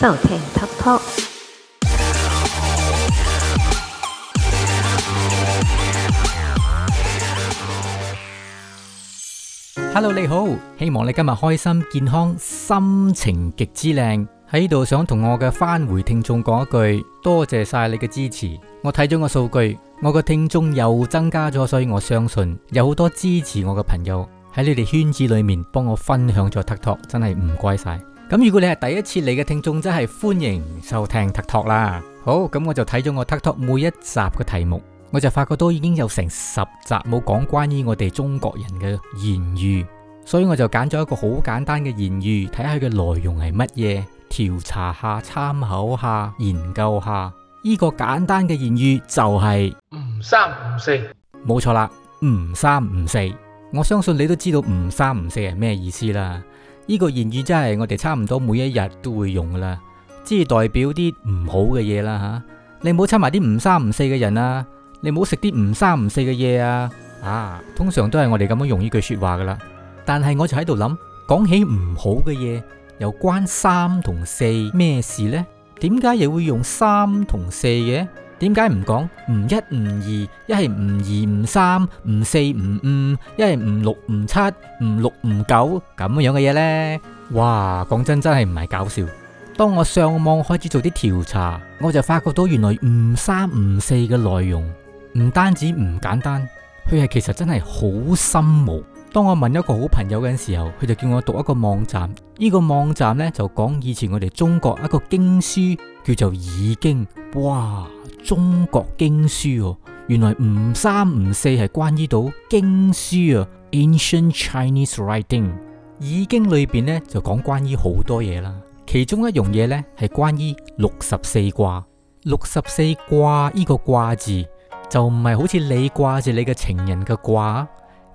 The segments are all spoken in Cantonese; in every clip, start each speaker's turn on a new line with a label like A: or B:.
A: 收聽 Tuck Talk Hello，你好，希望你今日開心、健康、心情極之靚。喺呢度想同我嘅返回，回聽眾講一句，多謝晒你嘅支持。我睇咗個數據，我嘅聽眾又增加咗，所以我相信有好多支持我嘅朋友喺你哋圈子裏面幫我分享咗 Tuck Talk 真係唔該晒。咁如果你係第一次嚟嘅聽眾，真係歡迎收聽 Tuck Talk 啦。好，咁我就睇咗我 Tuck Talk 每一集嘅題目，我就發覺都已經有成十集冇講關於我哋中國人嘅諺語，所以我就揀咗一個好簡單嘅諺語，睇下佢嘅內容係乜嘢，調查下、參考下、研究下。呢個簡單嘅諺語就係唔三唔四，冇錯啦，唔三唔四。我相信你都知道唔三唔四係咩意思啦。呢個言語真係我哋差唔多每一日都會用噶啦，即係代表啲唔好嘅嘢啦吓。你唔好親埋啲唔三唔四嘅人，不不四啊，你唔好食啲唔三唔四嘅嘢啊。啊，通常都係我哋咁樣用呢句說話噶啦。但係我就喺度諗，講起唔好嘅嘢，又關三同四咩事呢？點解又會用三同四嘅？點解唔講唔一唔二，一係唔二唔三唔四唔五，一係唔六唔七唔六唔九咁樣嘅嘢呢？哇，講真真係唔係搞笑。當我上網開始做啲調查，我就發覺到原來唔三唔四嘅內容，唔單止唔簡單，佢係其實真係好深奧。當我問一個好朋友嘅時候，佢就叫我讀一個網站。呢、這個網站呢，就講以前我哋中國一個經書叫做《易經》。哇，中國經書哦，原來唔三唔四係關於到經書啊、哦。Ancient Chinese writing，《易經》裏邊呢，就講關於好多嘢啦。其中一樣嘢呢，係關於六十四卦。六十四卦呢個卦字就唔係好似你掛住你嘅情人嘅卦。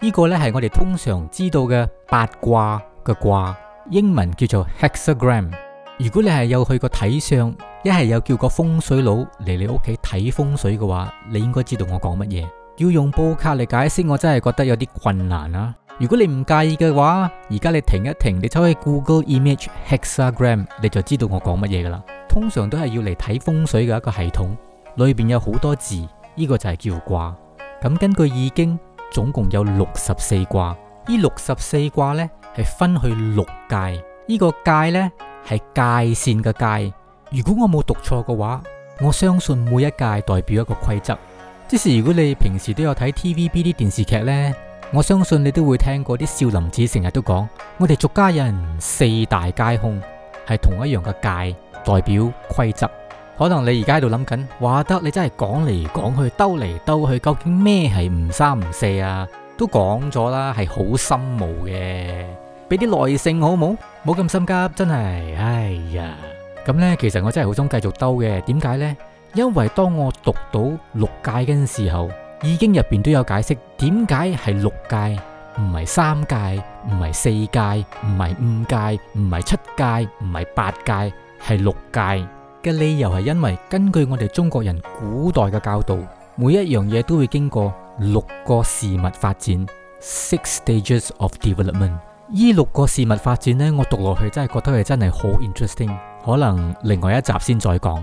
A: 呢個呢係我哋通常知道嘅八卦嘅卦，英文叫做 hexagram。如果你係有去過睇相，一係有叫個風水佬嚟你屋企睇風水嘅話，你應該知道我講乜嘢。要用 podcast 嚟解釋，我真係覺得有啲困難啊。如果你唔介意嘅話，而家你停一停，你走去 Google Image hexagram，你就知道我講乜嘢噶啦。通常都係要嚟睇風水嘅一個系統，裏邊有好多字，呢個就係叫卦。咁根據易經。總共有六十四卦，呢六十四卦呢，係分去六界，呢個界呢，係界線嘅界。如果我冇讀錯嘅話，我相信每一界代表一個規則。即是如果你平時都有睇 TVB 啲電視劇呢，我相信你都會聽過啲少林寺成日都講，我哋俗家人四大皆空係同一樣嘅界，代表規則。可能你而家喺度諗緊，話得你真係講嚟講去，兜嚟兜去，究竟咩係唔三唔四啊？都講咗啦，係好深奧嘅，俾啲耐性好冇，冇咁心急，真係哎呀。咁呢，其實我真係好想繼續兜嘅，點解呢？因為當我讀到六界嗰陣時候，《易經》入邊都有解釋，點解係六界，唔係三界，唔係四界，唔係五界，唔係七界，唔係八界，係六界。嘅理由係因為根據我哋中國人古代嘅教導，每一樣嘢都會經過六個事物發展 （six stages of development）。依六個事物發展呢，我讀落去真係覺得係真係好 interesting。可能另外一集先再講。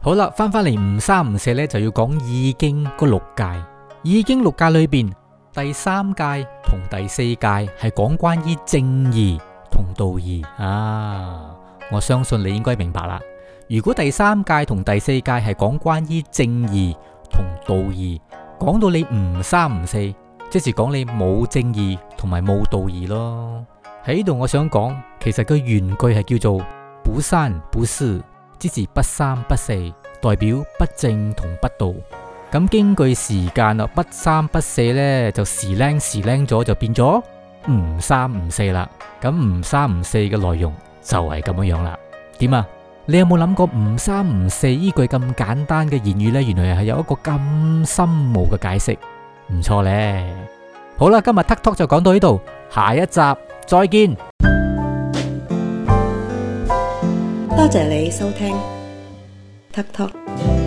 A: 好啦，翻翻嚟，唔三唔四呢，就要講《易經》嗰六屆。《易經》六屆裏邊，第三屆同第四屆係講關於正義同道義啊。我相信你應該明白啦。如果第三屆同第四屆係講關於正義同道義，講到你唔三唔四，即是講你冇正義同埋冇道義咯。喺度我想講，其實佢原句係叫做不三不四，即是不三不四，不三不四代表不正同不道。咁經過時間啦，不三不四呢，就時靚時靚咗，就變咗唔三唔四啦。咁唔三唔四嘅內容就係咁樣樣啦。點啊？你有冇諗過唔三唔四呢句咁簡單嘅諺語呢？原來係有一個咁深奧嘅解釋，唔錯呢。好啦，今日 Tuck Talk 就講到呢度，下一集再見。多謝你收聽 Tuck Talk。